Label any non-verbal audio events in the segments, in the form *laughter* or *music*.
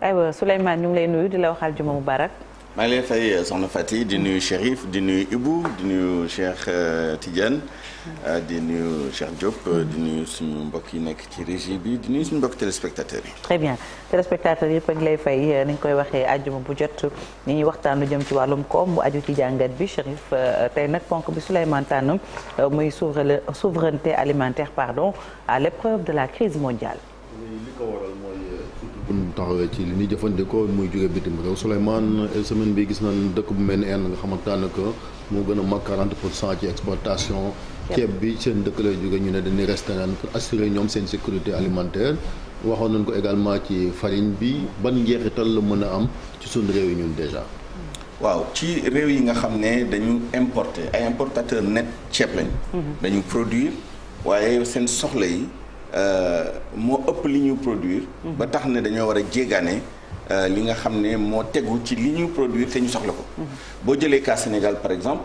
aywa Souleymane ñu ngi lay nuyu di la waxal juma mubarak maa ngi lay fay euh, soxna Fati di nuyu Chérif di nuyu Ibou di nuyu Cheikh euh, Tidiane euh, di nuyu Cheikh Diop di nuyu mbokk yi nekk ci régie bi di nuyu suñu mbokk téléspectateurs yi. très bien lay fay ni koy waxee àjjuma bu jot ni ñuy waxtaan lu jëm ci wàllum koom bu aju ci jàngat bi Chérif tey nag ponk bi Souleymane tànn muy souveraineté alimentaire pardon à l'épreuve de la crise mondiale. taxawee ci li ñuy jëfandikoo muy jóge bitim réew Souleymane semaine bi gis nañ dëkk bu mel ni Inde nga xamante daanaka moo gën a mag 40 pour cent ci exportation ceeb bi seen dëkk lay jóge ñu ne dañuy restaurant pour assurer ñoom seen sécurité alimentaire waxoon nañ ko également ci farine bi ban njeexital la mën a am ci suñu réew yi ñun déjà waaw ci réew yi nga xam ne dañu importer ay importateur net ceeb lañ mhm. dañu produire waaye seen soxla yi Euh, moo ëpp li ñu produire. Mhm. ba tax ne dañoo war a jéegaane euh, li nga xam ne moo tegu ci li ñu produire te ñu soxla ko. Mhm. boo jëlee cas Sénégal par exemple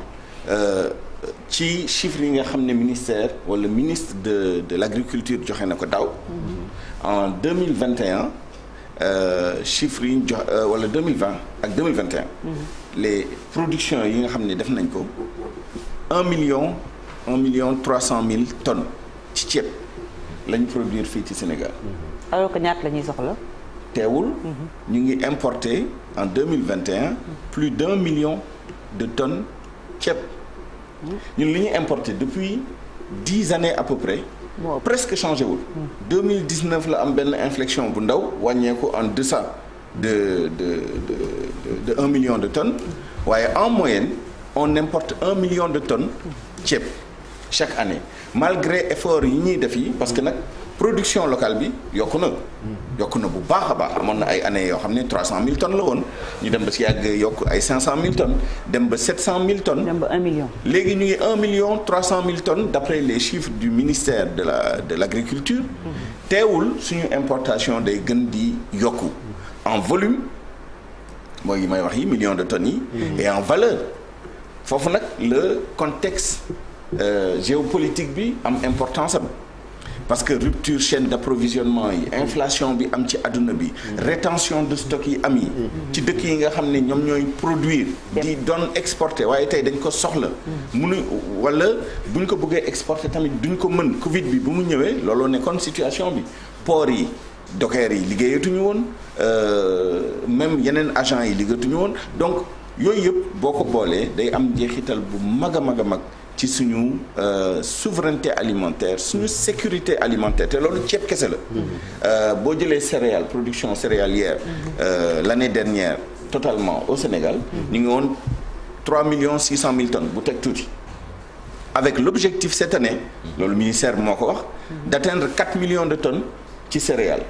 euh, ci chiffre yi nga xam ne ministère wala ministre de de l' agriculture joxe na ko daaw. Mhm. en deux mille vingt et un chiffres yi ñu jox wala deux mille vingt ak deux mille les productions yi nga xam ne def nañ ko un million un million trois cent mille ton ci ceeb. lañ produire fii ci Sénégal. Mm-hmm. alors que ñaata la ñuy soxla. teewul. Mm-hmm. ñu ngi importer en deux mille vingt et mm-hmm. plus d' million de tonne ceeb. ñun li ñuy importer depuis dix années à peu près. Bon. presque changé wul. deux mille dix neuf la am benn inflexion bu ndaw wàññeeku en deçà de de de de un million de tonne waaye en moyenne on importe un million de tonnes ceeb. chaque année malgré effort yi ñuy def yi parce que nag production locale bi yokk na yokku na bu baax a baax amoon na ay année yoo xam ne 300000 tonnes la woon ñu dem ba si yàgg yokk ay 500000 tonnes dem ba 700000 tonnes. dem ba 1 million. léegi ñu ngi million 300000 tonnes d' après les chiffres du ministère de la de l' agriculture. teewul suñu importation day gën di yokku en volume mooy yi may wax yi millions de tonnes yi. Mm-hmm. en valeur foofu nag le contexte. Euh, géopolitique bi am importance am parce que rupture chaîne d'approvisionnement yi inflation bi am ci adduna bi rétention de stock yi am yi ci dëkk yi nga xam ne ñoom ñooy produire di doon exporter waaye tey dañ ko soxla munu wala buñ ko buggee exporter tamit duñ ko mën covid bi bu mu ñëwee looloo nekkoon situation bi port yi docker yi liggéeyatuñu woon euh, même yeneen agent yi liggéeyatuñu woon donc yooyu yëpp boo ko boolee day am njeexital bu mag a mag a mag ci suñu euh, souveraineté alimentaire suñu sécurité alimentaire te loolu ceeb kese la. Mhm. Euh, boo jëlee céréales production céréalière. Mhm. Euh, l'année dernière totalement au Sénégal. Mhm. ñu ngi woon trois millions six cent mille tonnes bu teg tuuti. avec l'objectif cette année. loolu ministère moo ko wax. d'atteindre quatre millions de tonnes ci céréal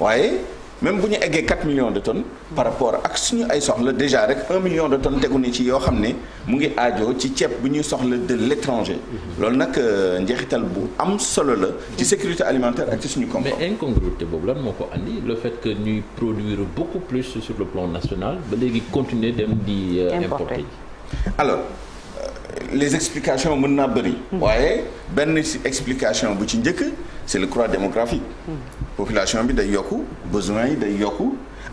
waaye. même bu ñu eggee 4 millions de ton par rapport ak suñu ay soxla déjà rek 1 million de tonnes tegu ni ci yoo xam ne mu ngi ajoo ci ceeb bu ñuy soxla de l'étranger loolu nag euh, njeexital bu am solo la ci sécurité alimentaire ak ci suñu koom mais incongruité boobu lan moo ko andi le fait que ñuy produire beaucoup plus sur le plan national ba léegi continuer dem di euh, importer alors euh, les explications mën naa bëri hmm. waaye benn explication bu ci njëkk c'est le croît démographique population bi day yokku besoin yi day yokku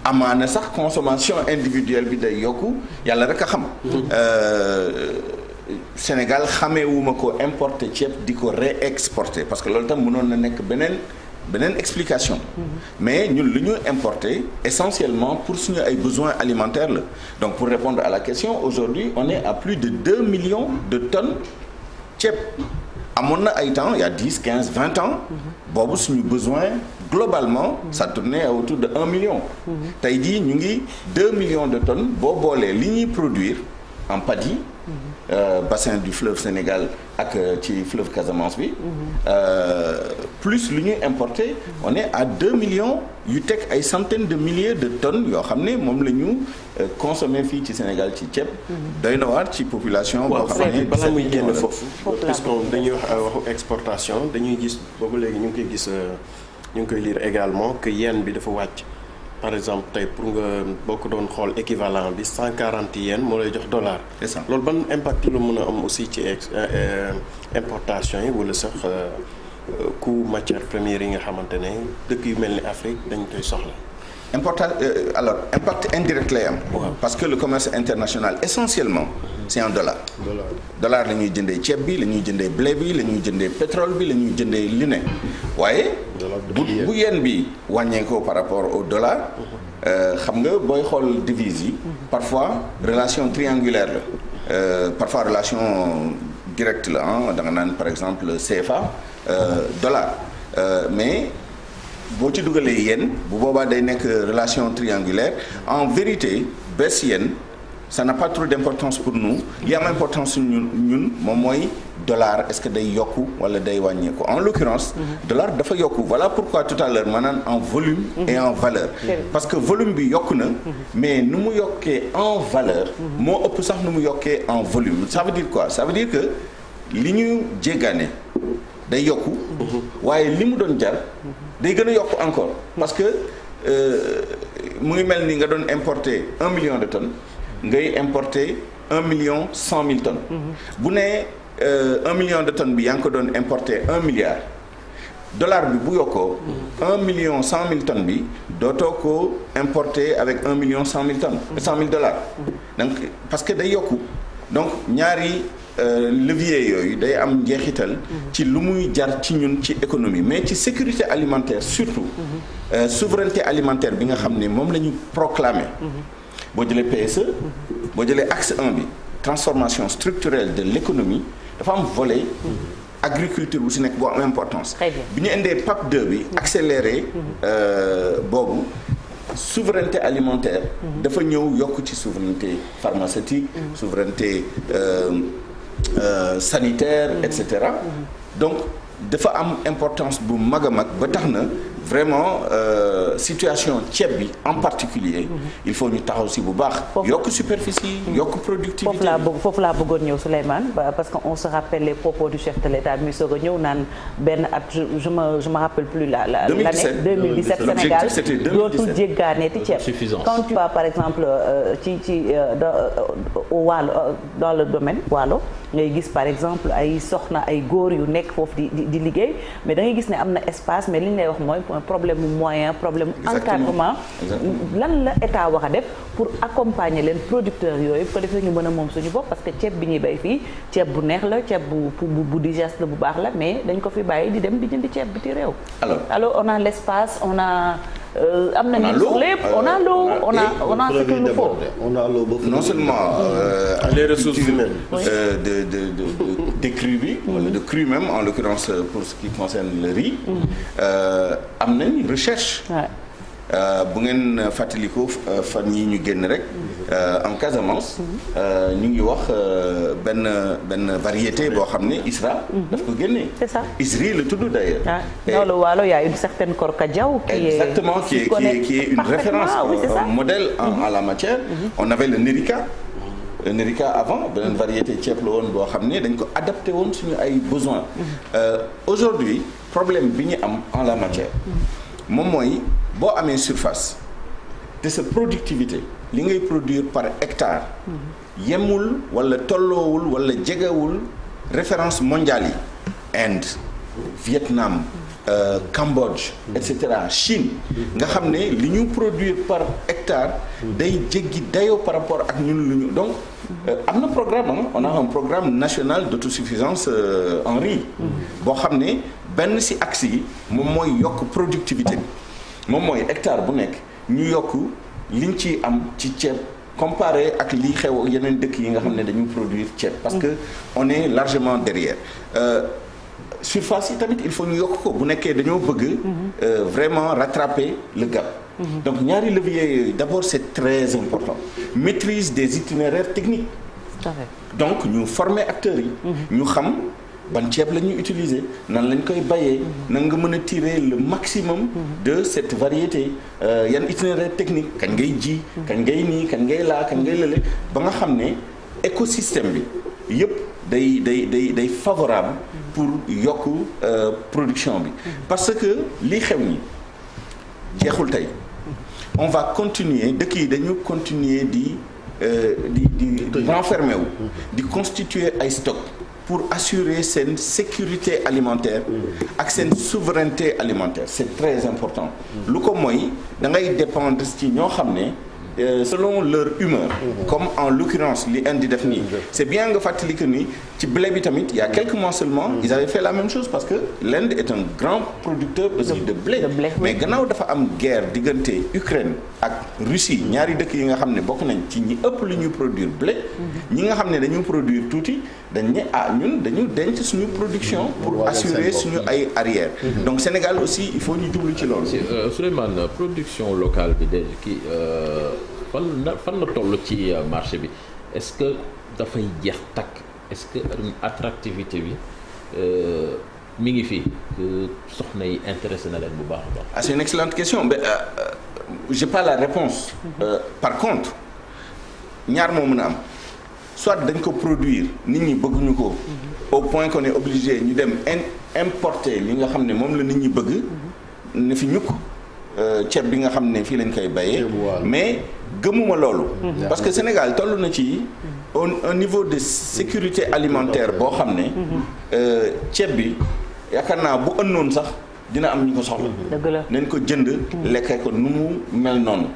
amaana sax consommation individuelle bi day yokku yàlla rek a xam euh, Sénégal xameewuma ko importer ceeb di ko réexporter parce que loolu tam mënoon na nekk beneen beneen explication mais ñun lu ñu importer essentiellement pour suñu ay besoins alimentaires la donc pour répondre à la question aujourd'hui on est à plus de deux millions de tonnes ceeb amoon na ay temps il dix quinze vingt ans. boobu suñu besoin globalement. ça tournait autour de un million. Mhm. tey jii ñu ngi deux millions de tonnes boo boolee li ñuy produire en paddy Euh, bassin du fleuve Sénégal ak euh, ci fleuve Casamance bi. Mhm. Euh, plus lu ñuy importer mhm. on est à deux millions yu teg ay centaines de milliers de tonnes yoo xam ne moom la ñu consommer fii ci Sénégal ci ceeb. Mhm. day na waar ci population. boo xam ne balaa muy génn foofu. puisque dañuy wax waxu exportation dañuy gis boobu léegi ñu ngi koy gis ñu ngi koy liir également que yéen bi dafa wàcc. par exemple tey pour nga boo ko doon xool équivalent bi cent quarante yens moo lay jox dollar. c'est ça loolu ban impact lu mën a am aussi ci euh, euh, importation yi wala sax euh, coût matière première yi nga xamante ne dëkk yu mel ni Afrique dañ koy soxla. important euh, alors impact indirect lay am. parce que le commerce international essentiellement. c'est en dollar. dollar dollar la ñuy jëndee ceeb bi la ñuy jëndee blé bi la ñuy jëndee pétrole bi la ñuy jëndee lu ne waaye. bu bu yen bi wàññeekoo par rapport au dollar. Mhm. Euh, xam nga booy xool devise yi. Mhm. parfois relation triangulaire la. Euh, parfois relation directe la ah da nga naan par exemple CFA euh, dollar euh, mais. boo ci dugalee yéen bu boobaa day nekk relation triangulaire en vérité bés yéen ça n'a pas trop d'importance pour nous li am importance ñun ñun moom mooy dollar est-ce que day yokku wala day wàññeeku en l'occurrence mhm. dollar dafa yokk wala pourquoi tout à l'heure maanaam en volume mhm. et en valeur parce que volume bi yokku na mhm. mais nu mu yokkee en valeur moo ëpp sax nu mu yokkee en volume ça veut dire quoi ça veut dire que li ñu jéggaane day yokku waaye li mu doon jar day gën a yokk encore parce que euh, mu ngi mel ni nga doon importer un million de tonnes ngay importer un million cent mille tonnes bu nee euh, un million de tonnes bi yaa ngi ko doon importer un milliard dollar bi bu yokkoo un million cent mille tonnes bi dootoo ko importer avec un million cent mille tonnes cent mille dollars donc parce que day yokku donc ñaari Euh, levier yooyu day am njeexital. Mhm. ci lu muy jar ci ñun ci économie mais ci sécurité alimentaire surtout. Mhm. Euh, souveraineté alimentaire bi nga xam ne moom la ñu proclamer. Mhm. boo jëlee PSE. boo jëlee axe 1 bi transformation structurelle de l'économie dafa am volet. agriculture bu si nekk boo am importance. bi ñu indee PAP 2 bi accéléré euh, boobu. souveraineté alimentaire. dafa ñëw yokk ci souveraineté pharmaceutique. souveraineté. Euh, Euh, sanitaire et cetera mm-hmm. donc dafa am importance bu mag a mag ba tax na vraiment euh, situation ceeb bi en particulier il faut ñu taxaw si bu baax. yokk superficie yokk mm. productivité. foofu la bëgg foofu laa bëggoon ñëw Souleymane parce que on se rappelle les propos du chef de l' état mi soog a ñëw naan benn at je me je me rappelle plus la la. 2017 2017 euh, Sénégal dootul jéggaaneeti ceeb. quand tu vas par exemple euh, ci ci euh, waalo dans le domaine waalo ngay gis par exemple ay soxna ay góor yu nekk foofu di di liggéey mais da gis ne am na espace mais li ñu lay wax mooy. problème mu moyen problème encadrement lan la état wax a def pour accompagner leen producteurs yooyu bu defee ñu mën a moom suñu bopp parce que ceeb bi ñuy béy fii ceeb bu neex la ceeb bu bu digeste la bu baax la mais dañ ko fi bàyyi di dem di jëndi ceeb bi ti réew alors on a l'espace on Euh, am nañu sur lépp euh, on a l'eau on a on a ce qu'il nous faut on a l'eau non seulement euh, les ressources humaines de de de des crues bi wala mm-hmm. de crues même en l'occurrence pour ce qui concerne le riz mm-hmm. am nañ recherche Euh, bu ngeen euh, fàttaliku euh, fan yi ñu génn rek en Casamance ñu ngi wax benn benn variété boo xam ne ISRA mhm. daf ko génnee c'est ça ISRI la tudd d'ailleurs dans ah, le Waalo y a une certaine Korka Diaw exactement qui est une référence un modèle mhm. en la matière mhm. on avait le Nerika Nerika avant beneen variété ceeb la woon boo xam ne dañ ko adapté woon suñu ay besoins aujourd'hui problème bi ñu am en la matière moom mooy boo amee surface te sa productivité li ngay produire par hectare yemul wala tolloowul wala jegewul référence mondiale yi Inde Vietnam euh, Cambodge et cetera Chine nga xam ne li ñu produire par hectare day jéggi dayoo par rapport ak ñun lu ñu donc euh, am na programme hein? on a un programme national d'autosuffisance suffisance euh, en riz boo xam ne benn si axe yi moom mooy yokk productivité moom mooy hectare bu nekk ñu yokk liñ ci am ci ceeb comparé ak li xew ak yeneen dëkk yi nga xam ne dañu produire ceeb parce que on est largement derrière euh, surface yi tamit il faut ñu yokk ko bu nekkee dañoo bëgg mhm. euh, vraiment rattraper le gap mhm. donc ñaari levier yooyu d'abord c'est très important maîtrise des itinéraires techniques donc ñu former acteurs yi mhm. ñu xam ban ceeb la ñuy utiliser nan lañ koy bayee nan nga mën a tirer le maximum de cette variété euh, yan itinéraire technique kañ ngay ji kañ ngay nii kañ ngay laa kañ ngay lële ba nga xam ne écosystème bi yëpp day day day day favorable pour yokk euh, production bi parce que li xew ñi jeexul tey on va continuer dëkk yi dañu continuer di euh, di di renfermer wu di constituer ay stock pour assurer seen sécurité alimentaire ak seen souveraineté alimentaire c'est très important lu ko mooy da ngay dépendre ci ñoo xam ne Euh, selon leur humeur mhm. comme en l'occurrence li indi def nii mhm. c'est bien nga fàttali que ni ci blé bi tamit il y a quelques mois seulement mhm. ils avaient fait la même chose parce que l'Inde est un grand producteur aussi de blé mais gannaaw dafa am guerre diggante Ukraine ak Russie ñaari dëkk yi nga xam ne bokk nañ ci ñi ëpp lu ñuy produire blé ñi nga xam ne dañu produire tuuti dañ ne ah ñun dañu denc suñu production pour assurer suñu ay arrière donc Sénégal aussi il faut ñu jublu ci loolu euh, production locale bi de kii euh, fan la fan la toll ci euh, marché bi est-ce que dafay jeex takk est-ce que attractivité bi euh, mi ngi fii soxna yi intéressé na leen bu baax a baax. ah c'est une excellente question mais euh, euh j'ai pas la réponse. Mhm. par contre ñaar moo mën a am. soit dañ ko produire nit ñi bëgguñu ko. Mhm. au point qu'on est obligé ñu dem in importer li nga xam ne moom la nit ñi bëgg. Mhm. ne fi ñukk Euh, ceeb bi nga xam ne fii lañ koy bayee mais gëmuma loolu mm-hmm. parce que Sénégal toll na ci mm-hmm. un niveau de sécurité alimentaire boo xam ne mm-hmm. euh, ceeb bi yaakaar naa bu ënnoon sax dina am ñu ko soxla nañ ko jënd lekkee ko nu mu mel noonu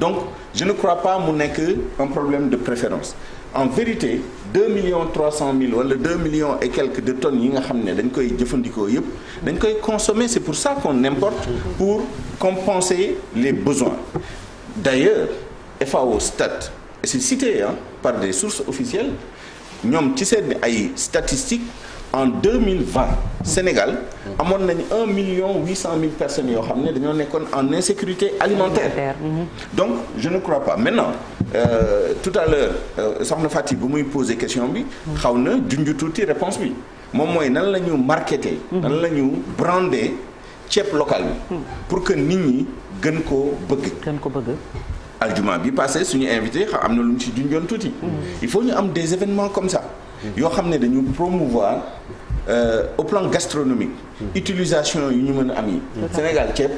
donc je ne crois pas mu nekk un problème de préférence en vérité 2 millions 300 mille wala 2 millions et quelques de tonnes yi nga xam ne dañ koy jëfandikoo yëpp dañ koy consommer c'est pour ça qu'on importe pour compenser les besoins d'ailleurs FAO stat et c'est cité par des sources officielles ñoom ci seen ay statistiques en 2020 Sénégal amoon nañu 1 million 800 mille personnes yoo xam ne dañoo nekkoon en insécurité alimentaire mhm. donc je ne crois pas maintenant Euh, tout à l'heure euh, soxna Fati bu muy poser question bi xaw na junj tuuti réponse bi moom mooy nan lañu ñu marketé nan lañu ñu brandé ceeb local bi pour que nit ñi gën koo bëgg gën ko bëgg aljuma bi passé suñu invité xam am na lu ñu ci junjoon tuuti mm-hmm. il faut ñu am des événements comme ça mm-hmm. yoo xam ne dañu promouvoir euh, au plan gastronomique mm-hmm. utilisation yu ñu mën a am yi Sénégal ceeb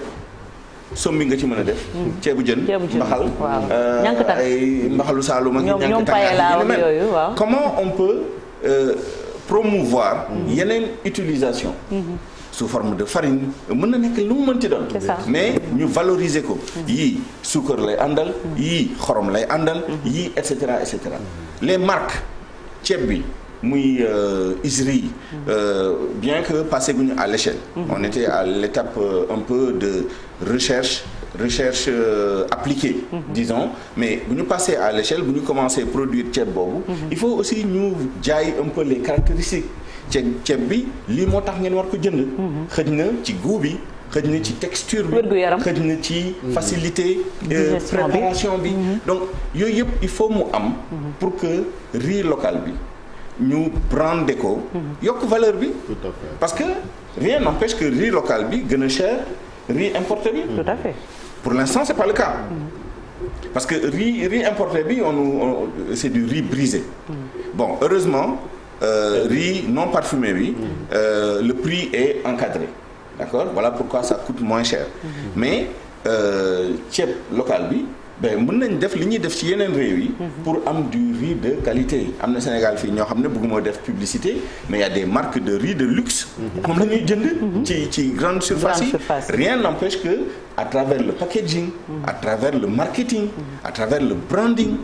sommi nga ci mën a def. Hmm. ceebu jën mbaxal euh, ay mbaxalu saalum ak ñànk tàngaay yooyu comment on peut euh, promouvoir hmm. yeneen utilisation hmm. sous forme de farine mën na nekk lu mu mënti doon mais ñu valoriser ko yii suukar lay àndal yii xorom lay àndal yii et cetera et cetera les marques ceeb bi muy euh, ISRI yi euh, bien que passé guñu à l'échelle mm-hmm. on était à l'étape euh, un peu de recherche recherche euh, appliquée mm -hmm. disons mais bu ñu passer à l'échelle bu ñu commencer produire ceeb boobu mm-hmm. il faut aussi ñu jaay un peu les caractéristiques ceeb bi lii moo tax ngeen war ko jënd mm-hmm. xëj na ci goût bi xëj na ci texture bi xëj na ci facilité euh, préparation bi donc yooyu yëpp il faut mu am pour que ri local bi ñu brandé ko. Mhm. yokk valeur bi. parce que rien n'empêche que riz local bi gën a cher riz importé bi. pour l'instant c'est pas le cas. Mhm. parce que riz riz importe bi on, on c'est du riz brisé. Mhm. bon heureusement. Euh, riz non parfumé bi. Euh, le prix est encadré. d'accord voilà pourquoi ça coûte moins cher. mais euh, ceeb local bi. ben mën nañ def li ñuy def ci yeneen réew yi. Mhm. pour am du riz de qualité am na Sénégal fii ñoo xam ne bëgg moo def publicité mais y a des marques de riz de luxe. Mhm. moom la ñuy jënd. Mhm. ci ci grande surface yi rien n'empêche que à travers le packaging. à travers le marketing. à travers le branding.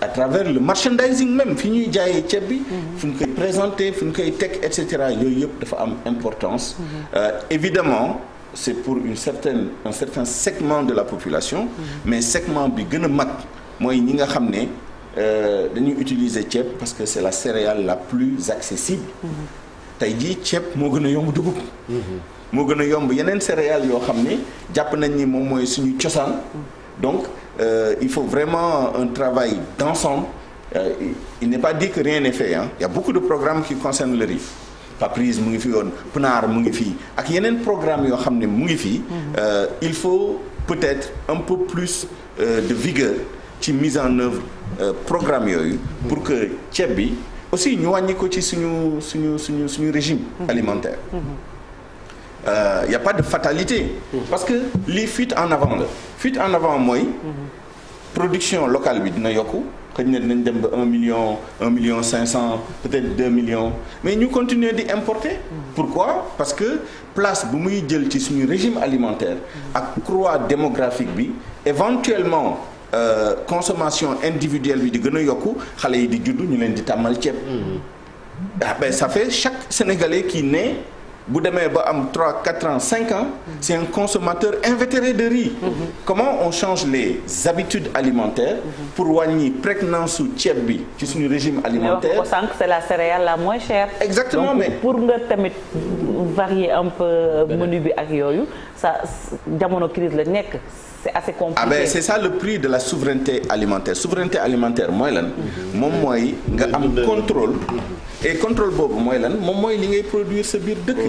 à travers le merchandising même fi ñuy jaayee ceeb bi. fu ñu koy présenter fu ñu koy teg et cetera yooyu yëpp dafa am importance. Euh, évidemment c'est pour une certaine un certain segment de la population. mais segment bi gën a mag mooy ñi nga xam ne euh, dañuy utiliser ceeb parce que c'est la céréale la plus accessible. tey jii ceeb moo gën a yomb dugub. moo gën a yomb yeneen céréales yoo xam ne jàpp nañ ni moom mooy suñu cosaan. donc euh, il faut vraiment un travail d'ensemble euh, il n'est pas dit que rien n'est fait hein. beaucoup de programmes qui concernent le riz. Paprise mu ngi fi yoon PNAR mu ngi fii ak yeneen programme yoo xam ne mu ngi fii euh, il faut peut-être un peu plus euh, de vigueur ci mise en œuvre euh, programme yooyu pour que ceeb bi aussi ñu wàññi ci suñu suñu suñu suñu régime alimentaire il mm-hmm. euh, y pas de fatalité mm-hmm. parce que lii fuite en avant la fuite en avant mooy mm-hmm. production locale bi dina yokku xëy na dinañ dem ba un million million cinq cent peut-être deux millions mais ñu continuer di importer. pourquoi parce que place bi muy jël ci suñu régime alimentaire. ak croix démographique bi éventuellement. Euh, consommation individuelle bi di gën a yokku xale yi di juddu ñu leen di tàmmal ceeb. Mm-hmm. ah ben fait chaque Sénégalais qui naît bu demee ba am 3 4 ans cinq ans c'est un consommateur invétéré de riz comment on change les habitudes alimentaires pour wàññi prégnance su ceeb bi ci suñu régime alimentaire wax sànq c'est la céréale la moins chère exactement mais pour nga tamit varier un peu euh, menu bi ak yooyu ça jamono crise la nekk c'est assez compliqué. ah ben c'est ça le prix de la souveraineté alimentaire souveraineté alimentaire mooy lan. moom mooy nga am contrôle. et contrôle boobu mooy lan moom mooy li ngay produire sa biir dëkk.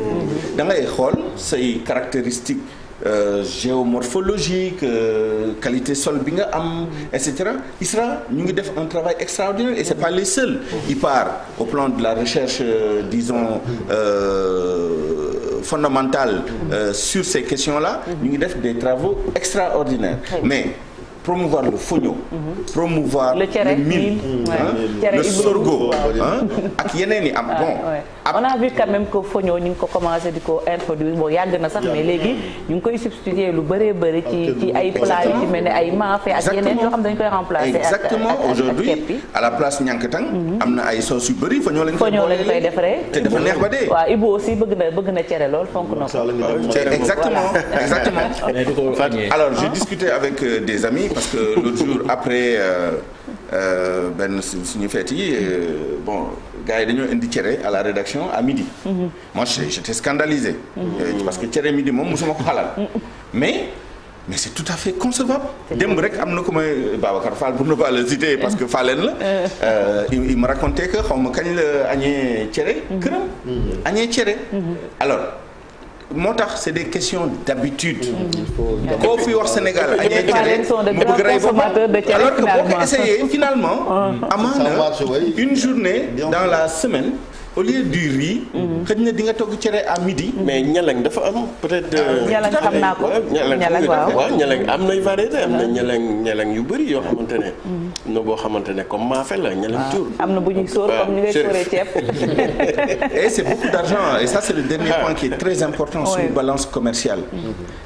da xool say caractéristiques. Euh, géomorphologique euh, qualité sol bi nga am et cetera ISRA ñu ngi def un travail extraordinaire et c'est pas les seuls il part au plan de la recherche euh, disons euh, fondamentale euh, sur ces questions-là mhm. ñu ngi def des travaux extraordinaires mais promouvoir le fognon mhm. promouvoir le mil le ak yeneen yi am ah, bon Ah. on a vu quand même que Fogno ñu ngi ko commencé di ko introduire boo yàgg na sax mais léegi ñu ngi koy substituer lu bëree bëri ci ci ay plat yu ci mel ne ay maafe ak yeneen yoo xam dañu koy remplacer exactement aujourd'hui à la place ñànkatang mhm. am na ay sos yu bëri Fogno lañ koy defaree te dafa neex ba dee waaw Ibo aussi bëgg na bëgg na cere lool fonk na ko exactement *laughs* exactement alors j'ai ah. discuté avec euh, des amis parce que l'autre jour après euh, euh, benn si suñu fête yi bon gars yi dañoo indi cere à la rédaction à midi. Mhm. moi j'étais scandalisé. Mhm. parce que cere midi moom mosuma ko xalaat. Mhm. mais mais c'est tout à fait concevable. démb rek am na ko may Babacar Fall pour ne pas le citer parce que Fallen la. Euh. Euh, il me racontait que xaw kañ la añee cere. këram añee cere alors. moo tax c'est des questions d'habitude. Mm-hmm. Mm-hmm. koo fi wax Sénégal añee cere mu bëgg rey boppam alors que boo ko essayé finalement. Mm-hmm. amaana une journée dans la semaine. au lieu du riz. xëj na di nga togg cere à midi. mais ñalañ dafa am peut-être. Euh, ah, ñalañ xam yu bëri yoo xamante ne. am mm. na boo xamante ne comme maafe la ñalañ ah, tur. am na bu ñuy sóor comme ni ngay sóoree ceeb. *laughs* et c'est beaucoup d'argent et ça c'est le dernier point qui est très important sur balance commerciale. Mm.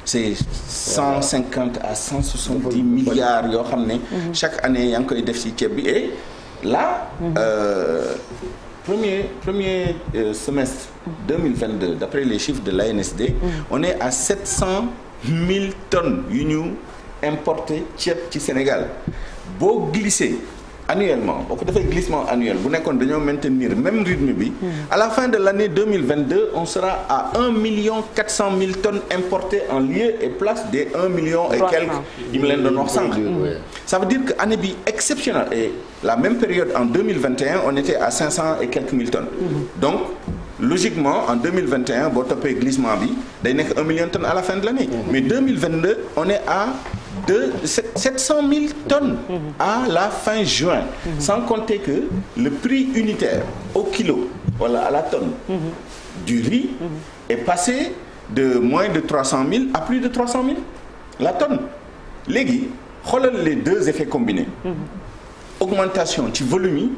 c'est 150 à 170 milliards yoo xam ne. Mm. chaque année yaa ngi koy def ci ceeb bi et là. Euh, premier premier euh, semestre 2022 d'après les chiffres de l'ANSD mm. on est à 700 000 tonnes yu ñu importé ceeb ci Sénégal boo glissé annuellement boo ko defee glissement annuel bu nekkoon dañoo maintenir même rythme bi. à la fin de l' on sera à un million quatre cent en lieu et place des un million et quelques yi mu leen doon wax sànq. ça veut dire que année bi exceptionnelle et la même période en deux on était à cinq cent et quelques mille tonnes. Mm-hmm. donc logiquement en 2021 boo toppee glissement bi day nekk un million de à la fin de l' mm-hmm. mais on est à. de 700 000 tonnes à la fin juin. sans compter que le prix unitaire au kilo wala à la tonne du riz est passé de moins de 300 000 à plus de trois 300 000 la tonne léegi xoolal les deux effets combinés. augmentation ci volume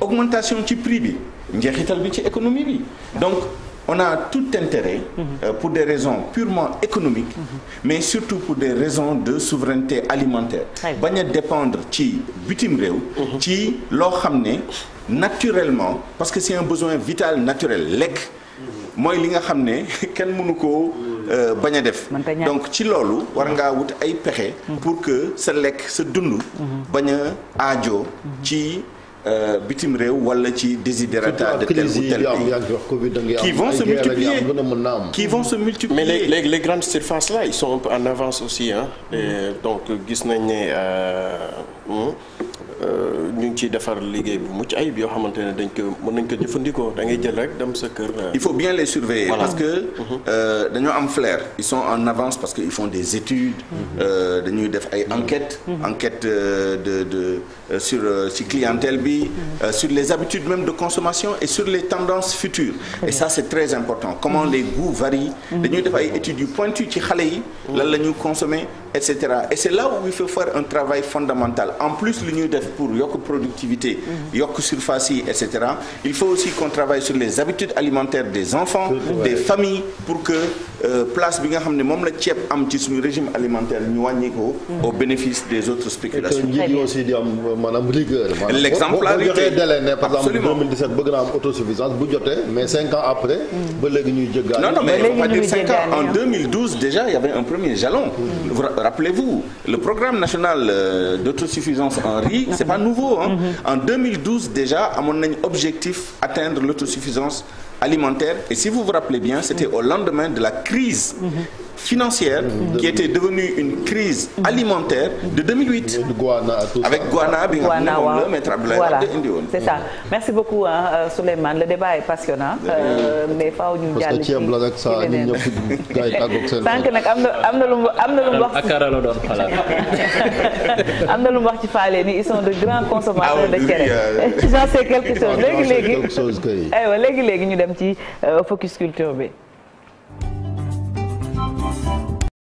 augmentation ci prix bi njeexital bi ci économie bi donc. on a tout intérêt mhm. euh, pour des raisons purement économiques mhm. mais surtout pour des raisons de souveraineté alimentaire bañ a dépendre ci bitim réew mhm. ci loo xam ne naturellement parce que c'est un besoin vital naturel lekk mooy li nga xam ne *laughs* kenn mënu koo euh, bañ a def donc ci loolu war ngaa wut ay pexe pour que sa lekk sa dund bañ a ci Euh, bitim réew wala ci desiderata de tel ou tel pays qui vont se multiplier qui vont se multiplier. mais les les grandes surfaces là ils sont en avance aussi hein. Mm. donc gis nañ ne. Euh, hmm, ñu ngi ciy defar liggéey bu mucc ayib yoo xamante ne dañ ko mën nañ ko jëfandikoo da ngay jël rek dem sa kër. Euh, il faut bien les surveiller. Voilà. parce que mhm. euh, dañoo am flair. ils sont en avance parce que ils font des études. Mhm. Euh, dañuy def ay enquêtes. Mhm. enquête de de sur ci clientèle bi. sur les habitudes même de consommation et sur les tendances futures. et ça c'est très important comment les goûts varient. dañuy def ay études yu pointues ci xale yi. lan la ñuy consommer. et cetera et c'est là où il faut faire un travail fondamental en plus lu ñuy def pour yokk productivité mhm. yokk surface yi et cetera il faut aussi qu'on travaille sur les habitudes alimentaires des enfants des familles pour que euh, place bi nga xam ne moom la ceeb am ci suñu régime alimentaire ñu wàññi ko mhm. au bénéfice des autres euh, bu jotee mais cinq ans après mhm. ba léegi ñuy jéggaani non non mais on va dire cinq ans en déjà il y avait un premier jalon rappelez-vous, le programme national euh, d'autosuffisance en riz, c'est pas nouveau. Hein. Mm-hmm. En 2012 déjà, amoon nañ objectif atteindre l'autosuffisance alimentaire et si vous vous rappelez bien, c'était au lendemain de la crise. Mm-hmm. financière mmh. qui était devenue une crise alimentaire de 2008. avec Guana bi nga xam ne c'est ça merci beaucoup hein, euh, Souleymane le débat est passionnant. Euh, mais faaw ñu jàll ci *laughs* sànq nag am na am na lu am lo lu wax. am na lu wax ci *laughs* faale ni ils sont de grands consommateurs de ah cere. *laughs* j'en quelque chose léegi léegi aywa léegi léegi ñu dem ci euh, focus culture bi.